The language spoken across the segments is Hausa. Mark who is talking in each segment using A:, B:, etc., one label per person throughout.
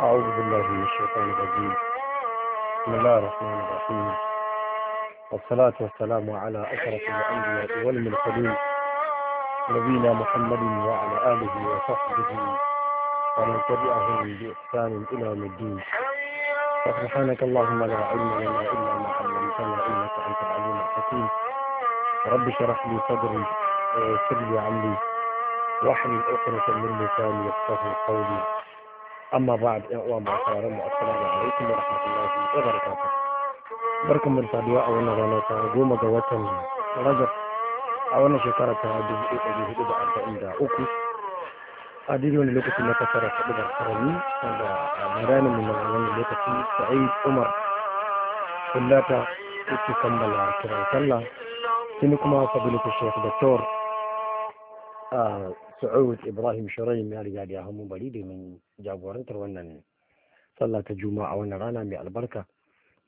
A: أعوذ بالله من الشيطان الرجيم بسم الله الرحمن الرحيم والصلاة والسلام على أشرف الأنبياء والمرسلين نبينا محمد وعلى آله وصحبه ومن تبعهم بإحسان إلى يوم الدين سبحانك اللهم لا علم لنا إلا ما علمتنا إنك أنت العليم الحكيم رب اشرح لي صدري آه، ويسر لي عمري واحلل عقدة من لساني يفقه قولي amma ba a uwa masu sauran mu assalamu alaikum wa rahmatullahi wa barakatuh barkan mu saduwa a wannan rana ta goma ga watan rajab a wannan shekara ta dubu ɗaya da hudu da arba'in da uku a daidai wani lokaci na kasara ta ɗigar karami wanda a bayanin mu na wani lokaci sa'id umar kullata yake kammala kiran sallah tuni kuma fadilu shekh doktor Sa'ud Ibrahim Shirayin ya riga da ya hamu bari domin jagorantar wannan sallah ta juma'a wannan rana mai albarka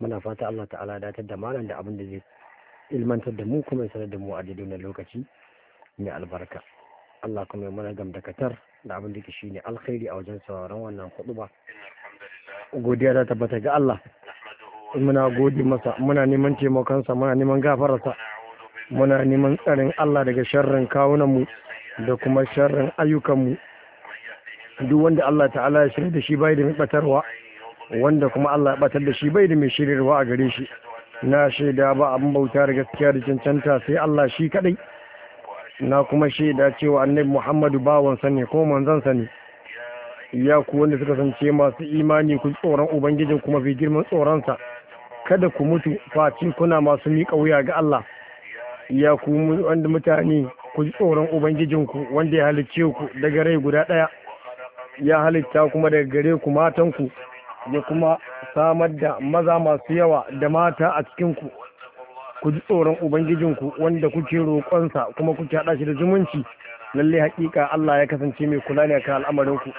A: muna fata Allah ta'ala datar da malam da abin da zai ilmantar da mu kuma sanar da mu a daidai lokaci mai albarka Allah kuma ya mana gamdakatar da abin da ke shine alkhairi a wajen sauraron wannan ba. godiya ta tabbata ga Allah muna gode masa muna neman taimakonsa muna neman gafararsa muna neman
B: tsarin Allah daga sharrin kawunan mu da kuma sharrin ayyukanmu duk wanda Allah ta'ala ya shirya da shi bai da mai batarwa wanda kuma Allah ya batar da shi bai da mai shiryarwa a gare shi na shaida ba abin bauta da gaskiya da cancanta sai Allah shi kadai na kuma shaida cewa annabi Muhammadu bawansa ne ko manzon sani. ya ku wanda suka sance masu imani ku tsoron ubangijin kuma bi girman sa. kada ku mutu face kuna masu miƙa wuya ga Allah ya ku wanda mutane ku ji tsoron ubangijinku wanda ya halicce ku daga rai guda ɗaya ya halitta kuma daga gare ku matanku ya kuma samar da maza masu yawa da mata a cikinku ku ji tsoron ubangijinku wanda kuke roƙonsa kuma kuke haɗa shi da zumunci lalle haƙiƙa Allah ya kasance mai kula ne kan al'amarinku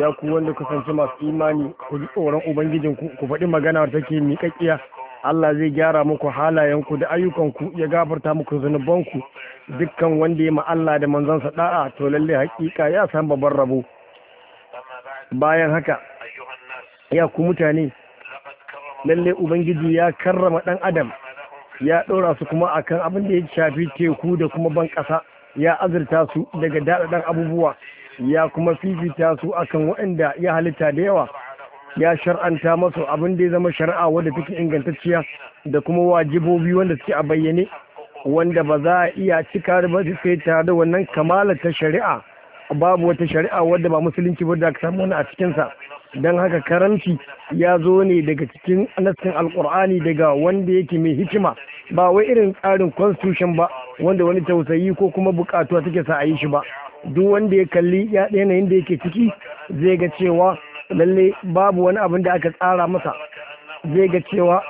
B: ya ku wanda kasance masu imani ku ji tsoron ubangijinku ku faɗi magana take miƙaƙƙiya Allah zai gyara muku halayenku da ayyukanku ya gafarta muku zunubanku dukkan wanda ya Allah da manzansa da'a to lalle hakika ya san babban rabo bayan haka ya ku mutane lalle ubangiji ya karrama dan adam ya ɗora su kuma akan abin da ya shafi teku da kuma ban ƙasa ya azurta su daga daɗaɗɗen abubuwa ya kuma fifita su akan waɗanda ya halitta da yawa ya shar'anta masu abin da ya zama shari'a wadda take ingantacciya da kuma wajibobi wanda suke a bayyane wanda ba za a iya cika da ba sai tare da wannan kamala ta shari'a babu wata shari'a wadda ba musulunci ba da samu wani a cikinsa don haka karamci ya zo ne daga cikin nassin alkur'ani daga wanda yake mai hikima ba wai irin tsarin constitution ba wanda wani tausayi ko kuma bukatuwa take sa a yi shi ba duk wanda ya kalli ya yanayin da yake ciki zai ga cewa lalle babu wani abin da aka tsara masa zai ga cewa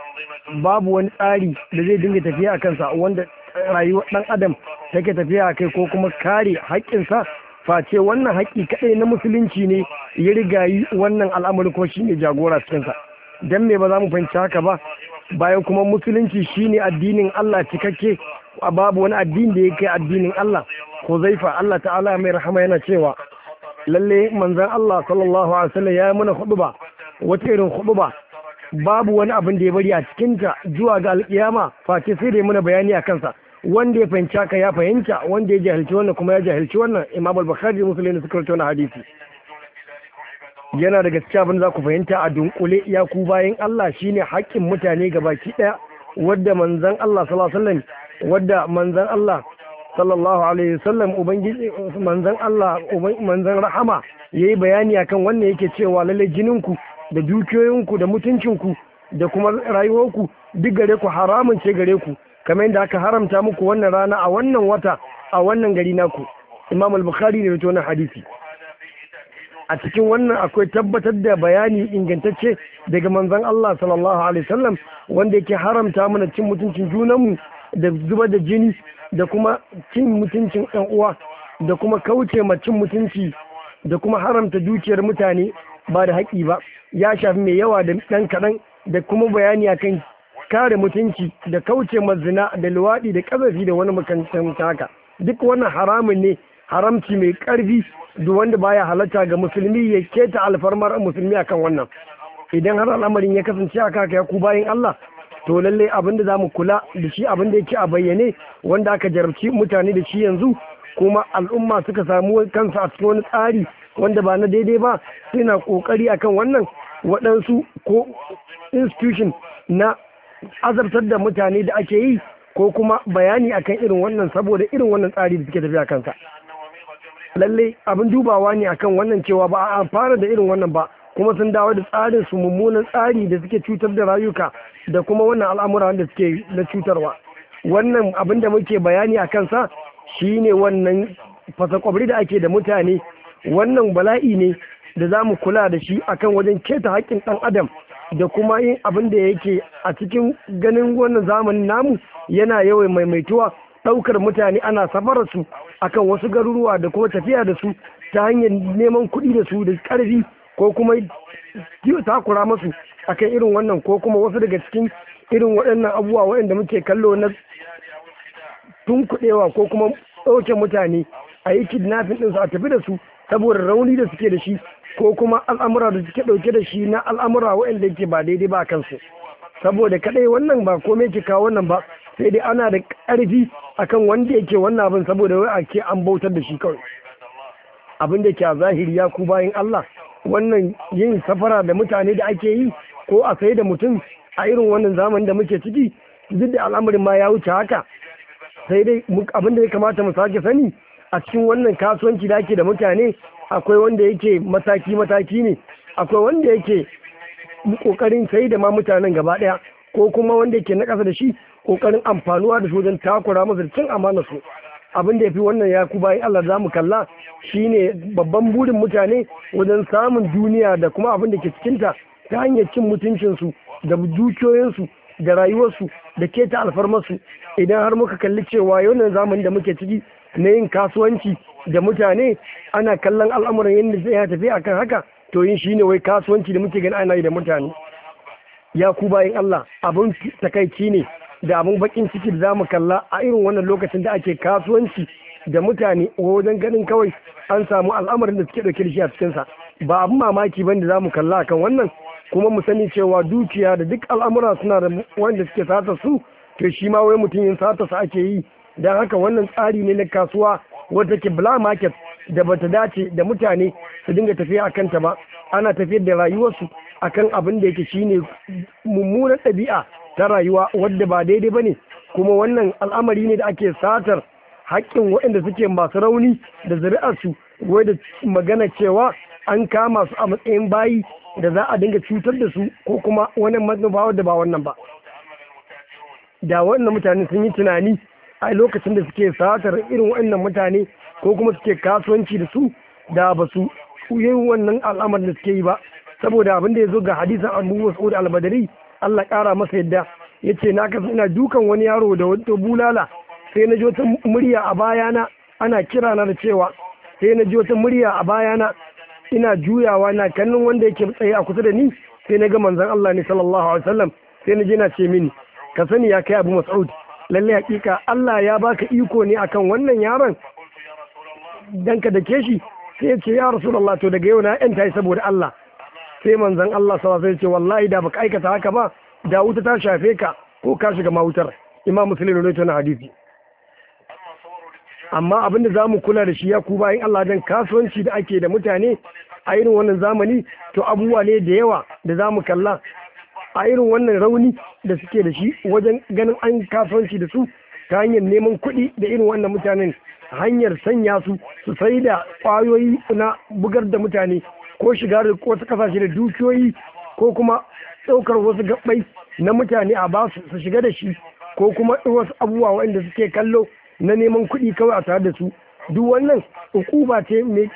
B: babu wani tsari da zai dinga tafiya a kansa wanda rayuwar ɗan adam take tafiya a kai ko kuma kare haƙƙinsa face wannan haƙƙi kaɗai na musulunci ne ya rigayi wannan al'amari shi shine jagora cikinsa dan me ba za mu fahimci haka ba bayan kuma musulunci shi ne addinin Allah cikakke babu wani addini da ya kai addinin Allah ko zaifa Allah ta'ala mai rahama yana cewa lalle manzan Allah sallallahu alaihi wasallam ya yi mana ba, wata irin ba, babu wani abin da ya bari a cikinta zuwa ga alkiyama face sai da mana bayani a kansa wanda ya fahimci haka ya fahimta wanda ya jahilci wannan kuma ya jahilci wannan imam al-bukhari musulmi suka rawaito wannan hadisi yana daga cikin abin za ku fahimta a dunkule ya ku bayan Allah shine haƙƙin mutane gabaki ɗaya wadda manzan Allah sallallahu alaihi wasallam wadda manzan Allah sallallahu alaihi wasallam ubangiji manzon Allah manzon rahama yayi bayani akan wannan yake cewa lalle jininku da dukiyoyinku da mutuncinku da kuma rayuwarku duk gare ku haramun ce gare ku kamar yadda aka haramta muku wannan rana a wannan wata a wannan gari naku Imam al-Bukhari ne wato wannan hadisi a cikin wannan akwai tabbatar da bayani ingantacce daga manzon Allah sallallahu alaihi wasallam wanda yake haramta mana cin mutuncin mu da zubar da jini da kuma cin mutuncin yan uwa da kuma kauce ma cin mutunci da kuma haramta dukiyar mutane ba da haƙi ba ya shafi mai yawa da ɗan kaɗan da kuma bayani akan kare mutunci da kauce ma zina da luwaɗi da ƙazafi da wani makantan haka duk wannan haramun ne haramci mai ƙarfi da wanda baya halatta ga musulmi ya keta alfarmar musulmi akan wannan idan har al'amarin ya kasance a kaka ya ku bayan Allah to lallai abinda za mu kula da shi abinda yake a bayyane wanda aka jarabci mutane da shi yanzu kuma al'umma suka samu kansu a cikin wani tsari wanda ba na daidai ba suna kokari akan wannan waɗansu ko institution na azabtar da mutane da ake yi ko kuma bayani akan irin wannan saboda irin wannan tsari da suke tafiya kansa lalle abin dubawa ne akan wannan cewa ba a fara da irin wannan ba kuma sun dawo da tsarin su mummunan tsari da suke cutar da rayuka da kuma wannan al'amura wanda suke na cutarwa wannan abin da muke bayani a kansa shi ne wannan fasakwabri da ake da mutane wannan bala'i ne da za mu kula da shi akan wajen keta haƙƙin ɗan adam da kuma yin abin da yake a cikin ganin wannan zamanin namu yana yawan maimaituwa ɗaukar mutane ana safarar su akan wasu garuruwa da kuma tafiya da su ta hanyar neman kuɗi da su da ƙarfi ko kuma takura masu akan irin wannan ko kuma wasu daga cikin irin waɗannan abubuwa waɗanda muke kallo na tunkuɗewa ko kuma ɗauke mutane a yi kidnapping ɗinsu a tafi da su saboda rauni da suke da shi ko kuma al'amura da suke ɗauke da shi na al'amura waɗanda yake ba daidai ba kansu saboda kaɗai wannan ba komai ke kawo wannan ba sai dai ana da ƙarfi akan wanda yake wannan abin saboda wai ake an bautar da shi kawai abin da ke a zahiri ya ku bayan Allah wannan yin safara da mutane da ake yi ko a sai da mutum a irin wannan zamani da muke ciki duk da al'amarin ma ya wuce haka sai dai abin da ya kamata mu sake sani a cikin wannan kasuwanci da ake da mutane akwai wanda yake mataki mataki ne akwai wanda yake kokarin sai da ma mutanen gaba daya ko kuma wanda yake na ƙasa da shi kokarin amfanuwa da su wajen takura masa da cin amana su abin da ya fi wannan ya ku bayan Allah za mu kalla shine babban burin mutane wajen samun duniya da kuma abin da ke cikinta ta hanyar cin mutuncinsu da dukiyoyinsu da rayuwarsu da keta alfarmarsu idan har muka kalli cewa yau zamani da muke ciki na yin kasuwanci da mutane ana kallon al'amuran yadda zai tafi akan haka to yin shine wai kasuwanci da muke gani ana yi da mutane ya ku bayan Allah abin takaici ne da abin bakin ciki da zamu kalla a irin wannan lokacin da ake kasuwanci da mutane wajen ganin kawai an samu al'amarin da suke dauke da shi a cikinsa ba abin mamaki bane da zamu kalla akan wannan kuma mu sani cewa dukiya da duk al'amura suna da wanda suke sata su to shi ma wai mutum yin sata su ake yi Da haka wannan tsari ne na kasuwa wata ke black market da bata dace da mutane su dinga tafiya a kanta ba ana tafiyar da rayuwarsu akan abin da yake shine mummunan ɗabi'a ta rayuwa wadda ba daidai ba ne kuma wannan al'amari ne da ake satar haƙƙin waɗanda suke masu rauni da zuri'arsu wai da magana cewa an kama su a matsayin bayi da za a dinga cutar da su ko kuma wani manufa da ba wannan ba da wannan mutane sun yi tunani a lokacin da suke satar irin wannan mutane ko kuma suke kasuwanci da su da ba su yi wannan al'amar da suke yi ba saboda abin da ya zo ga hadisan abu mas'ud da Allah kara masa yadda ya ce na kasu ina dukan wani yaro da wata bulala sai na ji wata murya a bayana ana kira na da cewa sai na ji wata murya a bayana ina juyawa na kallon wanda yake tsaye a kusa da ni sai na ga manzon Allah ne sallallahu alaihi wasallam sai na je na ce mini ka sani ya kai Abu Mas'ud lalle hakika Allah ya baka iko ne akan wannan yaron dan ka dake shi sai ya ce ya Rasulullah to daga yau na yan yi saboda Allah sai manzon Allah sallallahu alaihi wasallam ce wallahi da baka aikata haka ba da wuta ta shafe ka ko ka shiga ma Imam Muslim ne na hadisi amma abin da zamu kula da shi ya ku bayan Allah dan kasuwanci da ake da mutane a irin wannan zamani to abubuwa ne da yawa da zamu kalla a irin wannan rauni da suke da shi wajen ganin an kasuwanci da su ta hanyar neman kuɗi da irin wannan mutanen hanyar sanya su su sai da ƙwayoyi na bugar da mutane ko shiga da wasu kasashe da dukiyoyi ko kuma ɗaukar wasu gaɓɓai na mutane a basu su shiga da shi ko kuma wasu abubuwa waɗanda suke kallo na neman kuɗi kawai a tare da su duk wannan hukuma ce mai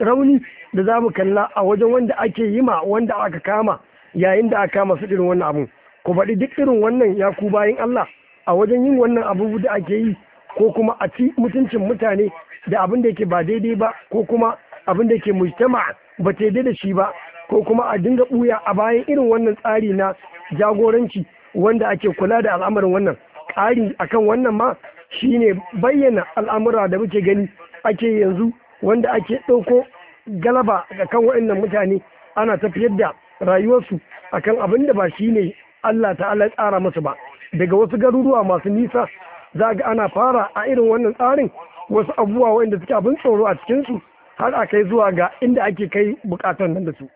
B: rauni da za mu kalla a wajen wanda ake yi ma wanda aka kama yayin da aka kama su irin wannan abun ku faɗi duk irin wannan ya ku bayan Allah a wajen yin wannan abu da ake yi ko kuma a ci mutuncin mutane da abin da yake ba daidai ba ko kuma abin da yake mujtama ba daidai da shi ba ko kuma a dinga buya a bayan irin wannan tsari na jagoranci wanda ake kula da al'amarin wannan ƙari akan wannan ma shine bayyana al'amura da muke gani ake yanzu wanda ake ɗauko galaba ga kan waɗannan mutane ana tafiyar da rayuwarsu akan abin da ba shine Allah ta'ala ya tsara musu ba daga wasu garuruwa masu nisa za ga ana fara a irin wannan tsarin wasu abubuwa waɗanda suke abin tsoro a cikinsu har a kai zuwa ga inda ake kai bukatar nan da su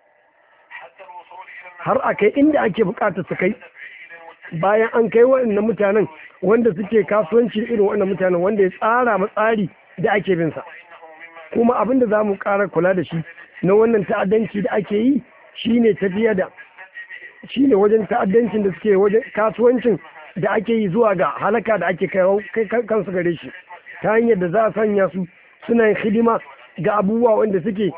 B: har a kai inda ake bukatar su kai bayan an kai waɗannan mutanen wanda suke kasuwanci irin waɗannan mutanen wanda ya tsara matsari da ake bin sa kuma abin da za mu ƙara kula da shi na wannan ta'addanci da ake yi shine tafiya da shine wajen ta'addancin da suke wajen kasuwancin da ake yi zuwa ga halaka da ake kai kansu gare shi ta hanyar da za a sanya su suna yin hidima ga abubuwa wanda suke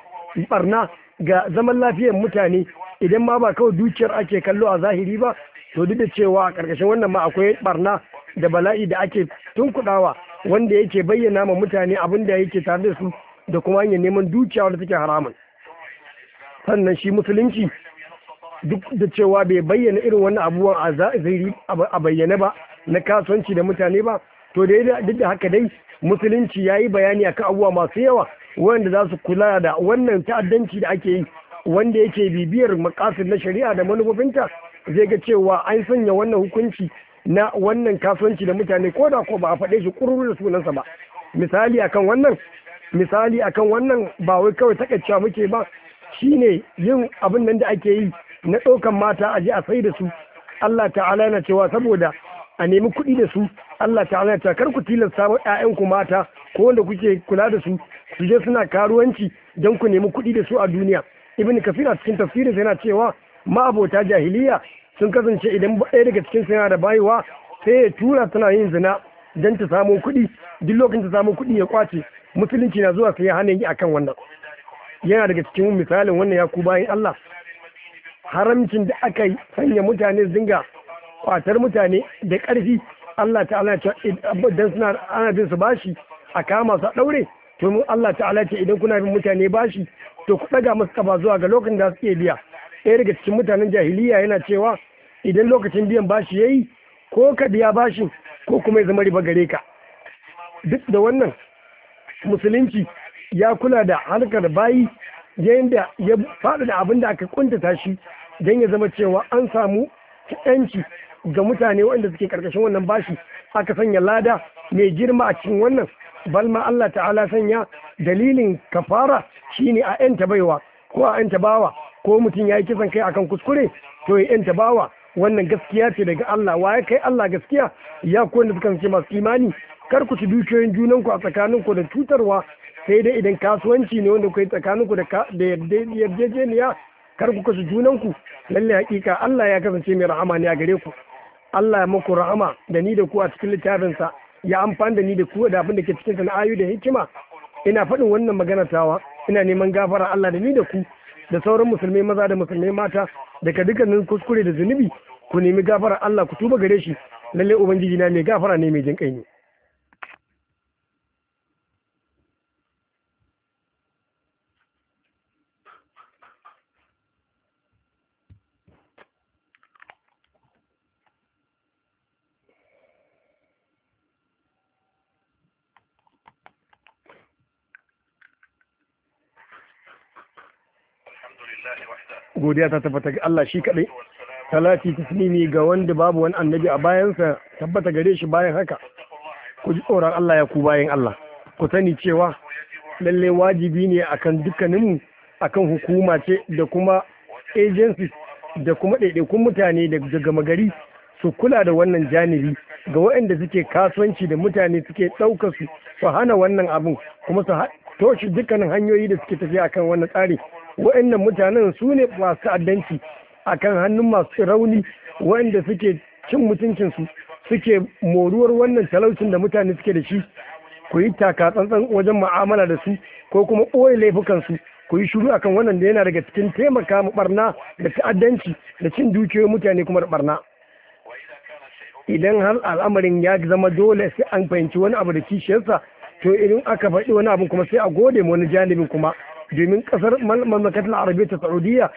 B: barna ga zaman lafiyar mutane idan ma ba kawai dukiyar ake kallo a zahiri ba to duk da cewa a ƙarƙashin wannan ma akwai barna da bala'i da ake tunkuɗawa wanda yake bayyana ma mutane abin da yake tare da su da kuma hanyar neman dukiya wanda take haramun sannan shi musulunci duk da cewa bai bayyana irin wannan abubuwan a zahiri a bayyane ba na kasuwanci da mutane ba to da duk da haka dai musulunci ya yi bayani a kan abubuwa masu yawa wanda za su kula da wannan ta'addanci da ake yi wanda yake bibiyar makasin na shari'a da manufofinta zai ga cewa an sanya wannan hukunci na wannan kasuwanci da mutane ko da ko ba a faɗe shi kururu da sunansa ba misali akan wannan misali akan wannan ba wai kawai takacciya muke ba shine yin abin nan da ake yi na ɗaukan mata a je a sai da su Allah ta'ala yana cewa saboda a nemi kuɗi da su Allah ta'ala ya ce kar ku tilasta wa ku mata ko wanda kuke kula da su su je suna karuwanci don ku nemi kuɗi da su a duniya ibn kafir a cikin tafsirin yana cewa ma'abota jahiliya sun kasance idan ɗaya daga cikin suna da bayuwa sai ya tura tana yin zina don ta samu kuɗi duk lokacin ta samu kuɗi ya kwace musulunci na zuwa sai ya hana yi akan wannan yana daga cikin misalin wannan ya ku bayan Allah haramcin da aka yi sanya mutane zinga kwatar mutane da ƙarfi Allah ta'ala ce dan suna ana bin su bashi a kama su a ɗaure to Allah ta'ala ce idan kuna bin mutane bashi to ku ɗaga masu kafa zuwa ga lokacin da suke biya ɗaya daga cikin mutanen jahiliya yana cewa idan lokacin biyan bashi ya yi ko ka biya bashin ko kuma ya zama riba gare ka duk da wannan musulunci ya kula da harkar bayi yayin da ya faɗi da abin da aka kuntata shi don ya zama cewa an samu yanci ga mutane waɗanda suke ƙarƙashin wannan bashi aka sanya lada mai girma a cikin wannan balma Allah ta'ala sanya dalilin kafara shine a ta baiwa ko a yan tabawa ko mutum ya yi kisan kai akan kuskure to ya yanta bawa wannan gaskiya ce daga Allah wa ya kai Allah gaskiya ya kowanne suka ce masu imani kar ku ci dukiyoyin junanku a tsakaninku da cutarwa sai dai idan kasuwanci ne wanda tsakanin tsakaninku da yarjejeniya kar ku junanku lallai hakika Allah ya kasance mai rahama ne a gare ku Allah ya muku rahama da ni da ku a cikin littafinsa ya amfani da ni da ku da abin da ke cikin sana'ayu da hikima ina faɗin wannan magana tawa ina neman gafara Allah da ni da ku da sauran musulmai maza da musulmai mata daga dukkanin kuskure da zunubi ku nemi gafara Allah ku tuba gare shi lalle ubangiji na mai gafara ne mai jin kai ne godiya ta tabbata ga Allah shi kaɗai talati tasmimi ga wanda babu wani annabi a bayansa tabbata gare shi bayan haka ku ji tsoron Allah ya ku bayan Allah ku sani cewa lalle wajibi ne akan dukkaninmu akan hukuma ce da kuma agencies da kuma ɗaiɗaikun mutane daga magari su kula da wannan janibi ga waɗanda suke kasuwanci da mutane suke ɗaukar su su hana wannan abin kuma su toshe dukkanin hanyoyi da suke tafiya akan wannan tsari wa'annan mutanen su ne masu ta'addanci kan hannun masu rauni wa'anda suke cin mutuncinsu suke moruwar wannan talaucin da mutane suke da shi ku yi taka tsantsan wajen ma'amala da su ko kuma ɓoye laifukansu ku yi shiru akan wannan da yana daga cikin taimaka mu barna da ta'addanci da cin dukiyoyin mutane kuma da barna idan har al'amarin ya zama dole sai an fahimci wani abu da kishiyarsa to idan aka faɗi wani abu kuma sai a gode ma wani janibin kuma domin kasar mamlakatul arabiya ta saudiya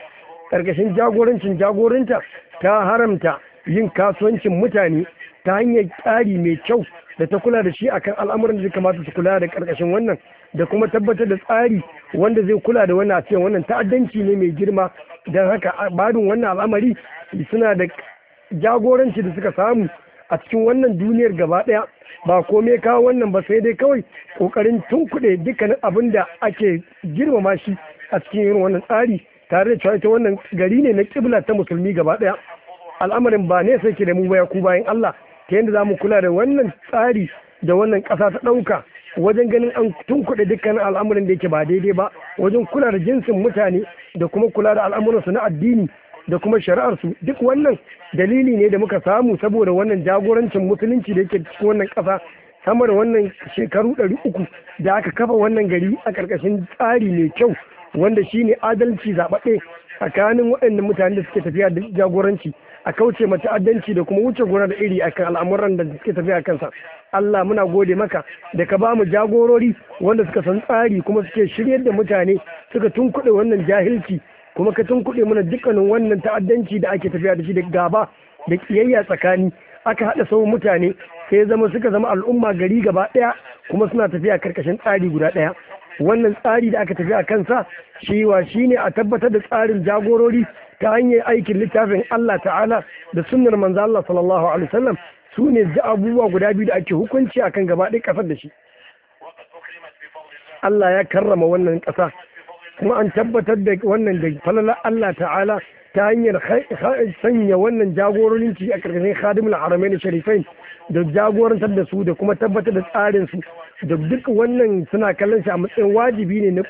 B: karkashin jagorancin jagoranta ta haramta yin kasuwancin mutane ta hanyar tsari mai kyau da ta kula da shi akan al'amuran da kamata su kula da karkashin wannan da kuma tabbatar da tsari wanda zai kula da wannan a wannan ta'addanci ne mai girma don haka babin wannan al'amari suna da jagoranci da suka samu a cikin wannan duniyar gaba ɗaya ba komai kawo wannan ba sai dai kawai kokarin tunkuɗe dukkanin abin da ake girmama shi a cikin irin wannan tsari tare da cewa ita wannan gari ne na kibla ta musulmi gaba ɗaya al'amarin ba ne sai ke da mu baya ku bayan Allah ta yadda za mu kula da wannan tsari da wannan ƙasa ta ɗauka wajen ganin an tunkuɗe dukkanin al'amarin da yake ba daidai ba wajen kula da jinsin mutane da kuma kula da al'amuransu na addini da kuma shari'arsu duk wannan dalili ne da muka samu saboda wannan jagorancin musulunci da yake cikin wannan kasa, sama da wannan shekaru ɗari uku da aka kafa wannan gari a ƙarƙashin tsari mai kyau wanda shi ne adalci zaɓaɓɓe tsakanin waɗannan mutane da suke tafiya da jagoranci a kauce ma ta'addanci da kuma wuce gona da iri akan al'amuran da suke tafiya kansa Allah muna gode maka da ka ba mu jagorori wanda suka san tsari kuma suke shiryar da mutane suka tunkuɗe wannan jahilci kuma ka tun kuɗi mana dukkanin wannan ta'addanci da ake tafiya da shi da gaba da kiyayya tsakani aka haɗa sau mutane sai zama suka zama al'umma gari gaba ɗaya kuma suna tafiya karkashin tsari guda ɗaya wannan tsari da aka tafi a kansa shi wa shi ne a tabbatar da tsarin jagorori ta hanyar aikin littafin Allah ta'ala da sunnar manzo Allah sallallahu alaihi wasallam su ne abubuwa guda biyu da ake hukunci akan gaba ɗaya ƙasar da shi Allah ya karrama wannan ƙasa kuma an tabbatar da wannan da falalar Allah ta'ala ta hanyar sanya wannan jagoranci a ƙarƙashin khadimul haramain sharifain da jagorantar da su da kuma tabbatar da tsarin su da duk wannan suna kallon shi a matsayin wajibi ne na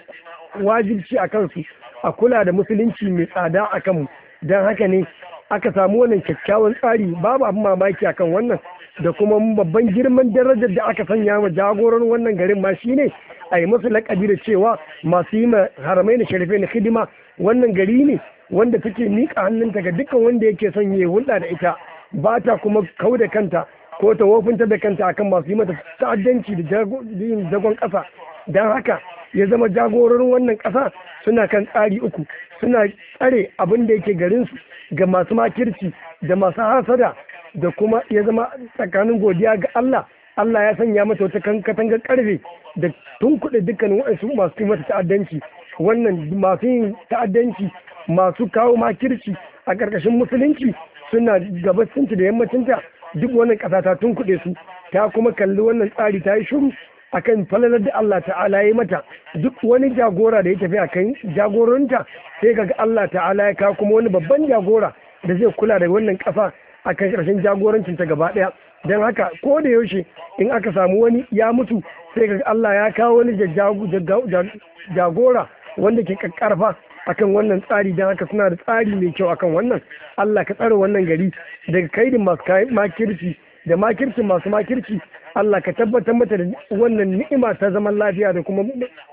B: wajibci a kansu a kula da musulunci mai tsada a kanmu don haka ne aka samu wannan kyakkyawan tsari babu abin mamaki akan wannan da kuma babban girman darajar da aka sanya wa jagoran wannan garin ma shi ne? a yi musu lakabi da cewa masu yi ma haramai na sharife na hidima wannan gari ne wanda take miƙa hannunta ga dukkan wanda yake son ya hulɗa da ita ba ta kuma kau da kanta ko ta wofinta da kanta akan masu yi mata ta'addanci da jagon ƙasa don haka ya zama jagororin wannan ƙasa suna kan tsari uku suna tsare abin da yake garinsu ga masu makirci da masu hasada da kuma ya zama tsakanin godiya ga Allah Allah ya sanya mata wata katangar karfe da tunkuɗe dukkanin waɗansu masu yi mata ta'addanci wannan masu yin ta'addanci masu kawo makirci a ƙarƙashin musulunci suna gabacinta da yammacinta duk wannan ƙasa ta tunkuɗe su ta kuma kalli wannan tsari ta yi shiru akan falalar da Allah ta'ala ya yi mata duk wani jagora da ya tafi akan jagoranta sai kaga Allah ta'ala ya kawo kuma wani babban jagora da zai kula da wannan ƙasa akan ƙarshen jagorancin ta gaba ɗaya don haka ko da yaushe in aka samu wani ya mutu sai ga Allah ya kawo wani jagora wanda ke kakkarfa akan wannan tsari don haka suna da tsari mai kyau akan wannan Allah ka tsara wannan gari daga kaidin masu makirci da makirci masu makirci Allah ka tabbatar mata da wannan ni'ima ta zaman lafiya da kuma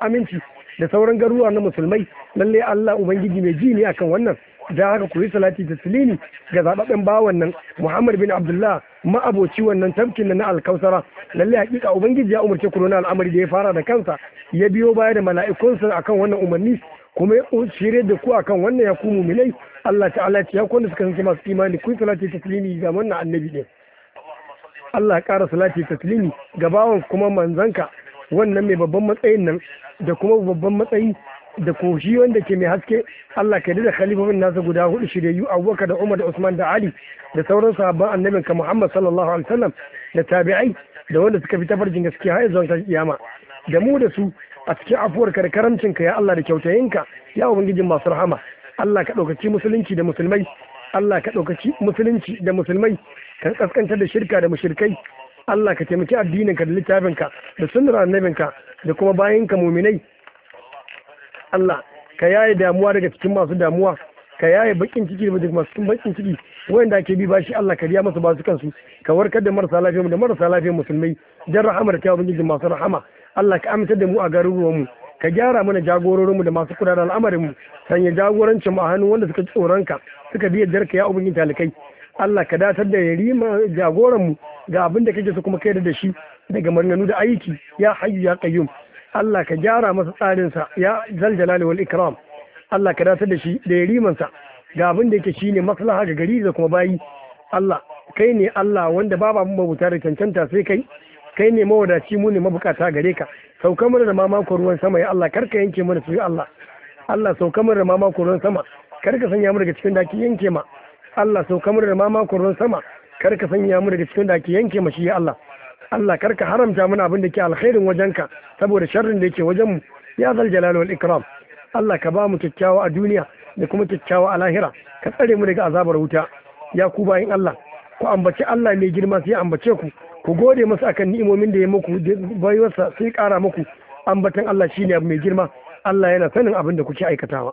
B: aminci da sauran garuruwa na musulmai Lallai Allah ubangiji mai ji ne akan wannan da haka ku yi salati taslimi ga zababben bawan nan Muhammad bin Abdullah ma'aboci wannan tamkin na alkausara lalle hakika ubangiji ya umarce ku na al'amari da ya fara da kansa ya biyo baya da mala'ikunsa akan wannan umarni kuma ya shirye da ku akan wannan ya ku mu'minai Allah ta'ala ya kwanda suka sanke masu imani ku yi salati taslimi ga wannan annabi Allah Allah ƙara salati taslimi ga bawan kuma manzanka wannan mai babban matsayin nan da kuma babban matsayi da koshi wanda ke mai haske Allah ka da khalifofin nasa guda hudu shiryayyu Abubakar da Umar da Usman da Ali da sauran sahabban annabin ka Muhammad sallallahu alaihi wasallam da tabi'ai da wanda suka fi tafarjin gaskiya har zuwa ta kiyama da mu da su a cikin afuwar ka da karamcin ka ya Allah da yanka, ya ubangiji masu rahama Allah ka daukaci musulunci da musulmai Allah ka daukaci musulunci da musulmai ka kaskantar da shirka da mushrikai Allah ka taimaki addininka da littafinka da sunnar annabinka da kuma bayinka muminai Allah ka yaye damuwa daga cikin masu damuwa ka yaye bakin ciki daga masu bakin ciki wayanda ake bi bashi Allah ka biya masa basu kansu ka warkar da marasa lafiya da marasa lafiya musulmai da rahamar ta ubangiji masu rahama Allah ka amince da mu a garuruwan mu ka gyara mana jagororinmu da masu kula da al'amarinmu sanya jagorancin mu a hannun wanda suka tsoron ka suka biya jarka ya ubangiji talikai Allah ka datar da yarima jagoranmu ga abin da kake so kuma kai da shi daga maganganu da aiki ya hayyu ya qayyum Allah ka gyara masa tsarinsa ya zaljalali wal ikram Allah ka datar da shi da rimansa ga abin da yake shine maslaha ga gari da kuma bayi Allah kai ne Allah wanda babu abin babuta da cancanta sai kai kai ne mawadaci mu ne mabukata gare ka sauka mana da mamakon ruwan sama ya Allah karka yanke mana su yi Allah Allah sauka mana da mamakon ruwan sama karka sanya mu daga cikin da ke yanke ma Allah sauka mana da mamakon ruwan sama karka sanya mu daga cikin da ke yanke ma shi ya Allah Allah karka haramta mana abin da ke alkhairin wajenka saboda sharrin da yake wajen mu ya zal jalal wal ikram Allah ka ba mu kyakkyawa a duniya da kuma kyakkyawa a lahira ka tsare mu daga azabar wuta ya ku bayin Allah ku ambaci Allah mai girma sai ambace ku ku gode masa akan ni'imomin da ya muku baiwarsa sai kara muku ambatan Allah shine abu mai girma Allah yana sanin abin da kuke aikatawa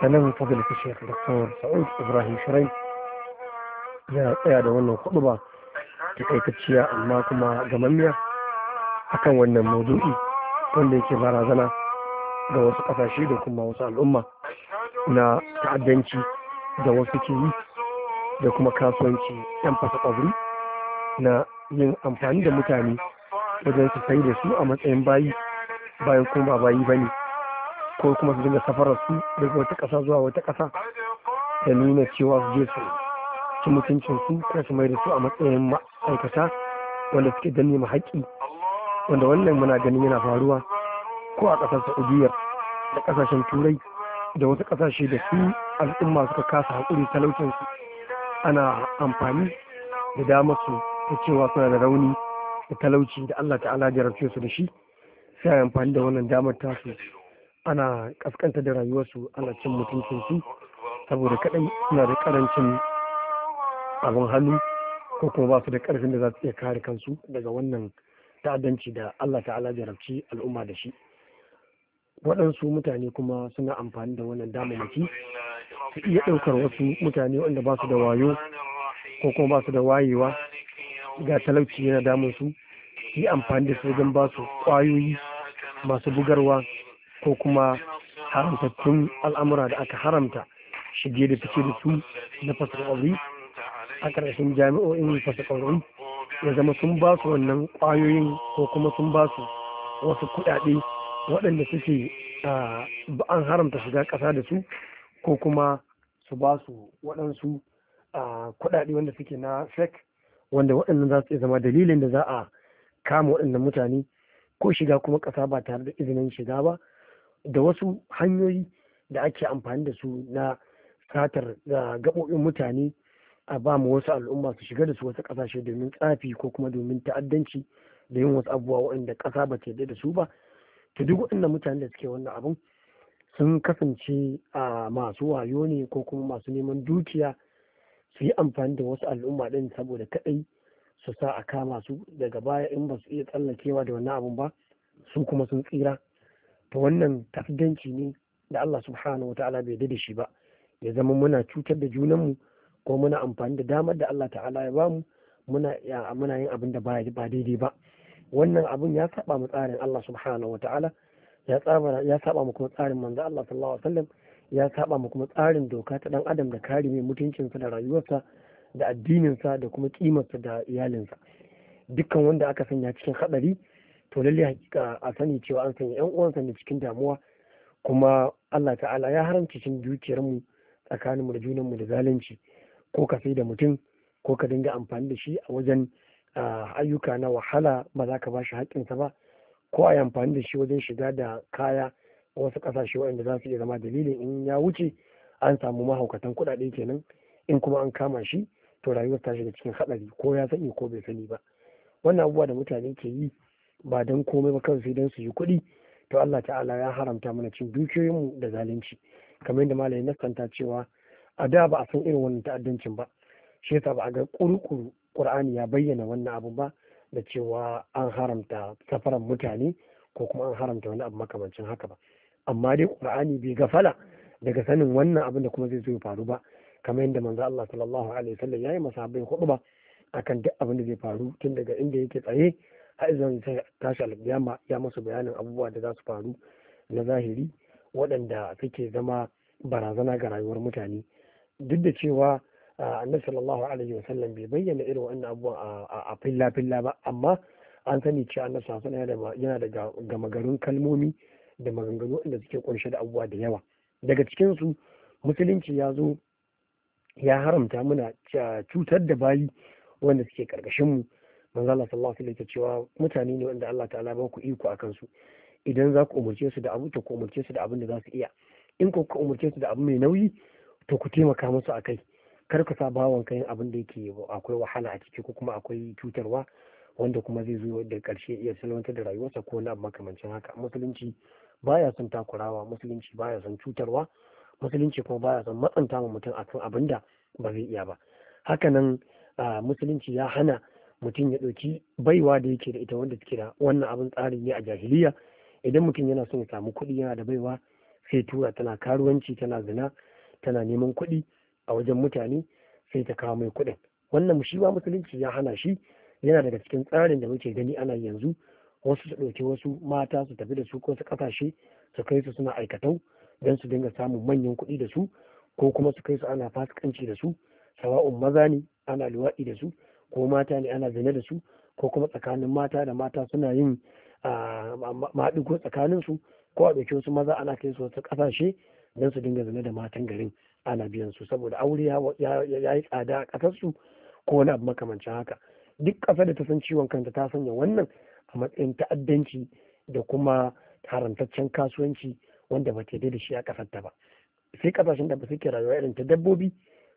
A: sanan fadilatu Sheikh Dr. Sa'ud Ibrahim Shirai ya tsaya da wannan kuɗu ba ta kai kaciya amma kuma gamammiya akan wannan maudu'i wanda yake barazana ga wasu ƙasashe da kuma wasu al'umma na ta'addanci da wasu ke yi da kuma kasuwanci yan fasa kwabri na yin amfani da mutane wajen su sai da su a matsayin bayi bayan kuma ba bayi ba ne, ko kuma su dinga safarar su daga wata ƙasa zuwa wata ƙasa da nuna cewa su je su ci mutuncin su ko su mai da su a matsayin aikata wanda suke danne mu haƙƙi wanda wannan muna ganin yana faruwa ko a ƙasar saudiya da ƙasashen turai da wasu ƙasashe da su al'umma suka kasa haƙuri talaucinsu ana amfani da damar su ta cewa suna da rauni da talauci da Allah ta'ala jarabce su da shi sai a amfani da wannan damar tasu ana ƙasƙanta da rayuwarsu ana cin mutuncinsu saboda kaɗai suna da ƙarancin abin hannu ko kuma ba su da ƙarfin da za su iya kare kansu daga wannan ta'addanci da Allah ta'ala jarabci al'umma da shi waɗansu mutane kuma suna amfani da wannan damammaki su iya ɗaukar wasu mutane wanda ba su da wayo ko kuma ba su da wayewa ga talauci yana damun su yi amfani da su don ba su ƙwayoyi masu bugarwa ko kuma haramtattun al'amura da aka haramta shige da fice da su na fasarwabi a ƙarƙashin jami'o'in fasakaurun ya zama sun ba su wannan ƙwayoyin ko kuma sun ba su wasu kuɗaɗe waɗanda suke an haramta shiga ƙasa da su ko kuma su ba su waɗansu kuɗaɗe wanda suke na sek wanda waɗannan za su iya zama dalilin da za a kama waɗannan mutane ko shiga kuma ƙasa ba tare da izinin shiga ba da wasu hanyoyi da ake amfani da su na satar gaɓoɓin mutane a ba mu wasu al'umma su shiga da su wasu ƙasashe domin tsafi ko kuma domin ta'addanci da yin wasu abubuwa waɗanda ƙasa ba ta yarda da su ba to duk waɗannan mutanen da suke wannan abun sun kasance a masu wayo ne ko kuma masu neman dukiya su yi amfani da wasu al'umma ɗin saboda kaɗai su sa a kama su daga baya in ba su iya tsallakewa da wannan abun ba su kuma sun tsira to wannan ta'addanci ne da Allah subhanahu wa ta'ala bai da shi ba ya zama muna cutar da junanmu mu ko muna amfani da damar da Allah ta'ala ya bamu muna yin abin da ba daidai ba wannan abin ya saba mu tsarin Allah subhanahu wataala ya ya saba mu kuma tsarin manzo Allah sallallahu alaihi wasallam ya saba mu kuma tsarin doka ta dan adam da kare mai sa da rayuwarsa da addininsa da kuma sa da iyalinsa dukkan wanda aka sanya cikin hadari to lalle hakika a sani cewa an sanya yan uwansa ne cikin damuwa kuma Allah ta'ala ya haramci cin dukiyar mu tsakanin mu da junan mu da zalunci ko ka sai da mutum ko ka dinga amfani da shi a wajen ayyuka na wahala ba za ka ba shi haƙƙinsa ba ko a yi amfani da shi wajen shiga da kaya wasu ƙasashe waɗanda za su iya zama dalilin in ya wuce an samu mahaukatan kuɗaɗe kenan in kuma an kama shi to rayuwar ta shiga cikin haɗari ko ya sani ko bai sani ba wannan abubuwa da mutane ke yi ba don komai ba kawai sai don su yi kuɗi to Allah ta'ala ya haramta mana cin dukiyoyinmu da zalunci kamar yadda malamin nasanta cewa a da ba a san irin wannan ta'addancin ba shi yasa ba a ga kurkuru ƙur'ani ya bayyana wannan abun ba da cewa an haramta safaran mutane ko kuma an haramta wani abu makamancin haka ba amma dai qur'ani bai gafala daga sanin wannan abin da kuma zai zo ya faru ba kamar yadda manzo Allah sallallahu alaihi wasallam yayi masahabbai hudu ba akan duk abin da zai faru tun daga inda yake tsaye har zuwa tashi alƙiyama ya masa bayanin abubuwa da za su faru na zahiri waɗanda suke zama barazana ga rayuwar mutane duk da cewa annabi sallallahu alaihi wasallam bai bayyana irin wannan abubuwan a filla filla ba amma an sani cewa annabi sallallahu alaihi yana da gama garin kalmomi da maganganu inda suke kunshe da abubuwa da yawa daga cikin su musulunci ya zo ya haramta muna cutar da bayi wanda suke karkashin mu manzo Allah sallallahu alaihi wasallam cewa mutane ne wanda Allah ta'ala ba ku iko akan su idan za ku umurce su da abu to ku umurce su da abin da za su iya in ku umurce su da abu mai nauyi to ku taimaka musu a kai kar ka sa bawan kayan abin da yake akwai wahala a ciki ko kuma akwai cutarwa wanda kuma zai zo da karshe iya salwantar da rayuwarsa ko na makamancin haka musulunci baya son takurawa musulunci baya son cutarwa musulunci kuma baya son matsanta ma mutum akan abin da ba zai iya ba hakanan musulunci ya hana mutum ya ɗauki baiwa da yake da ita wanda suke da wannan abin tsarin ne a jahiliya idan mutum yana son ya samu kuɗi yana da baiwa sai tura tana karuwanci tana zina tana neman kuɗi a wajen mutane sai ta kawo mai kuɗin wannan shi ba musulunci ya hana shi yana daga cikin tsarin da muke gani ana yanzu wasu su ɗauki wasu mata su tafi da su ko su ƙasashe su kai su suna aikatau don su dinga samun manyan kuɗi da su ko kuma su kai su ana fasikanci da su sawa'un maza ne ana luwaɗi da su ko mata ne ana zane da su ko kuma tsakanin mata da mata suna yin ah, maɗigo tsakanin su ko a ɗauki wasu maza ana kai su wasu ƙasashe don su dinga zane da matan garin ana biyan su saboda aure ya yi tsada a ƙasarsu su ko wani abu makamancin haka duk ƙasar da ta san ciwon kanta ta sanya wannan a matsayin ta'addanci da kuma haramtaccen kasuwanci wanda ba ta da shi a ƙasar ta ba sai ƙasashen da ba suke rayuwa irin ta dabbobi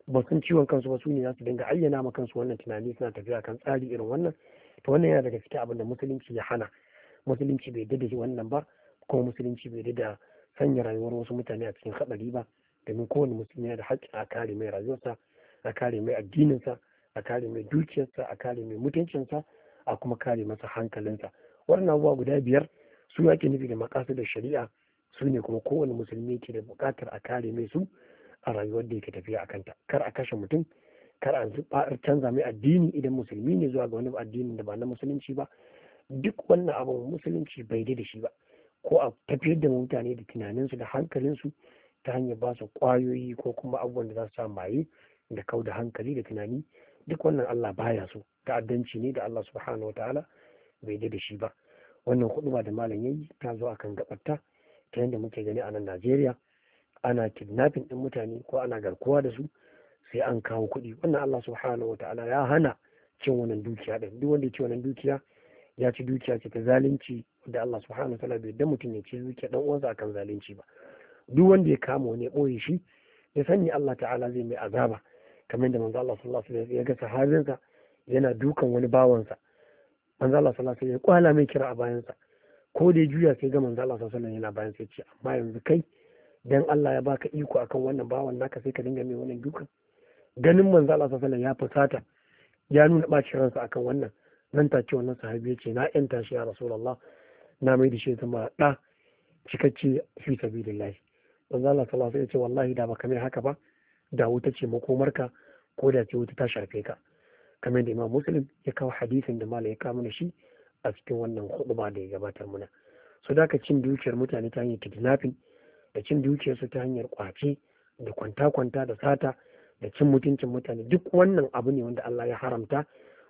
A: ba sun ciwon kansu ba su ne za su dinga ayyana ma kansu wannan tunani suna tafiya kan tsari irin wannan to wannan yana daga cikin abin da musulunci ya hana musulunci bai da wannan ba ko musulunci bai da sanya rayuwar wasu mutane a cikin haɗari ba domin kowane musulmi yana da haƙƙin a kare mai rayuwarsa a kare mai addininsa a kare mai dukiyarsa a kare mai mutuncinsa a kuma kare masa hankalinsa waɗannan abubuwa guda biyar su ake nufi da makasu da shari'a su ne kuma kowane musulmi ke da buƙatar a kare mai su a rayuwar da yake tafiya a kanta kar a kashe mutum kar a canza mai addini idan musulmi ne zuwa ga wani addinin da ba na musulunci ba duk wannan abu musulunci bai da shi ba ko a tafiyar da mutane da tunaninsu da hankalinsu ta hanyar ba su kwayoyi ko kuma abubuwan da za su sa maye da kau da hankali da tunani duk wannan Allah baya so ta'addanci ne da Allah subhanahu wataala bai da shi ba wannan huduba da malam yayi ta zo akan gabatta ta yadda muke gani a nan Najeriya ana kidnapping din mutane ko ana garkuwa da su sai an kawo kuɗi wannan Allah subhanahu wataala ya hana cin wannan dukiya din duk wanda ya ci wannan dukiya ya ci dukiya ce ta zalunci da Allah subhanahu wa bai da mutum ya ce zuke dan uwansa akan zalunci ba duk wanda ya kama wani ya boye shi ya sani Allah ta'ala zai mai azaba kamar da manzo Allah sallallahu alaihi wasallam ya ga sahabinsa yana dukan wani bawansa manzo Allah sallallahu alaihi wasallam ya kwala mai kira a bayansa ko da ya juya sai ga manzo Allah sallallahu alaihi wasallam yana bayan sai ce amma yanzu kai dan Allah ya baka iko akan wannan bawan naka sai ka dinga mai wannan dukan ganin manzo Allah sallallahu alaihi wasallam ya fusata ya nuna bacin ransa akan wannan nan take wannan sahabi ya ce na yanta shi ya rasulullah na mai da shi zama ɗa cikakke fi sabilillahi manzo Allah sallallahu alaihi ce wallahi da baka mai haka ba da wuta ce makomarka ko da ce wuta ta shafe ka kamar da Imam Muslim ya kawo hadisin da mala ya kawo mana shi a cikin wannan ba da ya gabatar muna so da ka cin dukiyar mutane ta hanyar kidnapping da cin dukiyar su ta hanyar kwace da kwanta-kwanta da sata da cin mutuncin mutane duk wannan abu ne wanda Allah ya haramta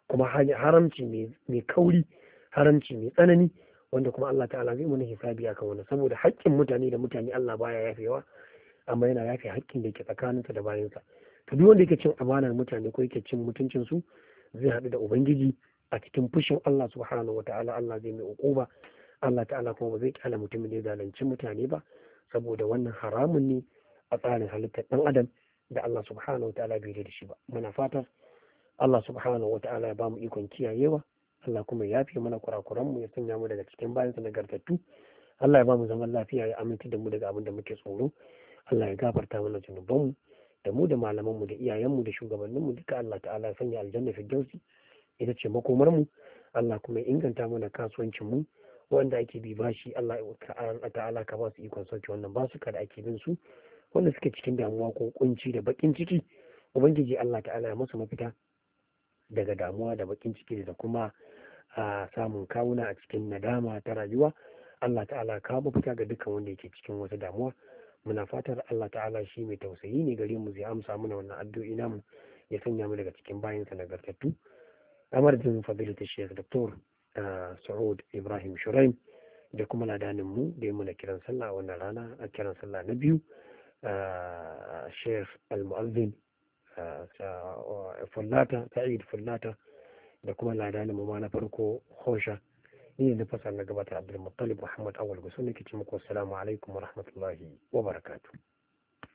A: kuma haramci mai kauri haramci mai tsanani wanda kuma Allah ta'ala zai mana hisabi akan wani saboda haƙƙin mutane da mutane Allah baya yafewa amma yana yafe haƙƙin da ke tsakaninsa da bayansa to duk wanda yake cin amanar mutane ko yake cin mutuncin su zai haɗu da ubangiji a cikin fushin Allah subhanahu ta'ala Allah zai mai uquba Allah ta'ala kuma ba zai kyala mutumin da ya zalunci mutane ba saboda wannan haramun ne a tsarin halittar ɗan adam da Allah subhanahu ta'ala bai da shi ba muna fata Allah subhanahu ta'ala ya bamu ikon kiyayewa Allah kuma ya yafe mana kurakuran mu ya sanya mu daga cikin bayan sa nagartattu Allah ya ba mu zaman lafiya ya aminta da mu daga abin da muke tsoro Allah ya gafarta mana zunuban mu da mu da malaman mu da iyayen mu da shugabannin mu duka Allah ta'ala ya sanya aljanna fi ita ce makomar mu Allah kuma ya inganta mana kasuwancin mu wanda ake bi bashi Allah ta'ala ka ba su ikon sauke wannan ba su da ake bin su wanda suke cikin damuwa ko kunci da bakin ciki ubangiji Allah ta'ala ya masa mafita daga damuwa da bakin ciki da kuma a samun kawuna a cikin nadama ta rayuwa Allah ta'ala ka mafita ga dukkan wanda yake cikin wata damuwa muna fatar Allah ta'ala shi mai tausayi ne gare mu zai amsa mana wannan addu'o'i namu ya sanya mu daga cikin bayansa nagartattu kamar din fadilata Sheikh Dr. Saud Ibrahim Shuraim da kuma ladanin mu da mu na kiran sallah wannan rana a kiran sallah na biyu Sheikh Al-Mu'azzin Sa'id Fullata da kuma ladani mu na farko hosha ni ne fasar na gabata abdulmuttalib muhammad awal gusu ne ke ce muku assalamu alaikum wa rahmatullahi wa barakatuh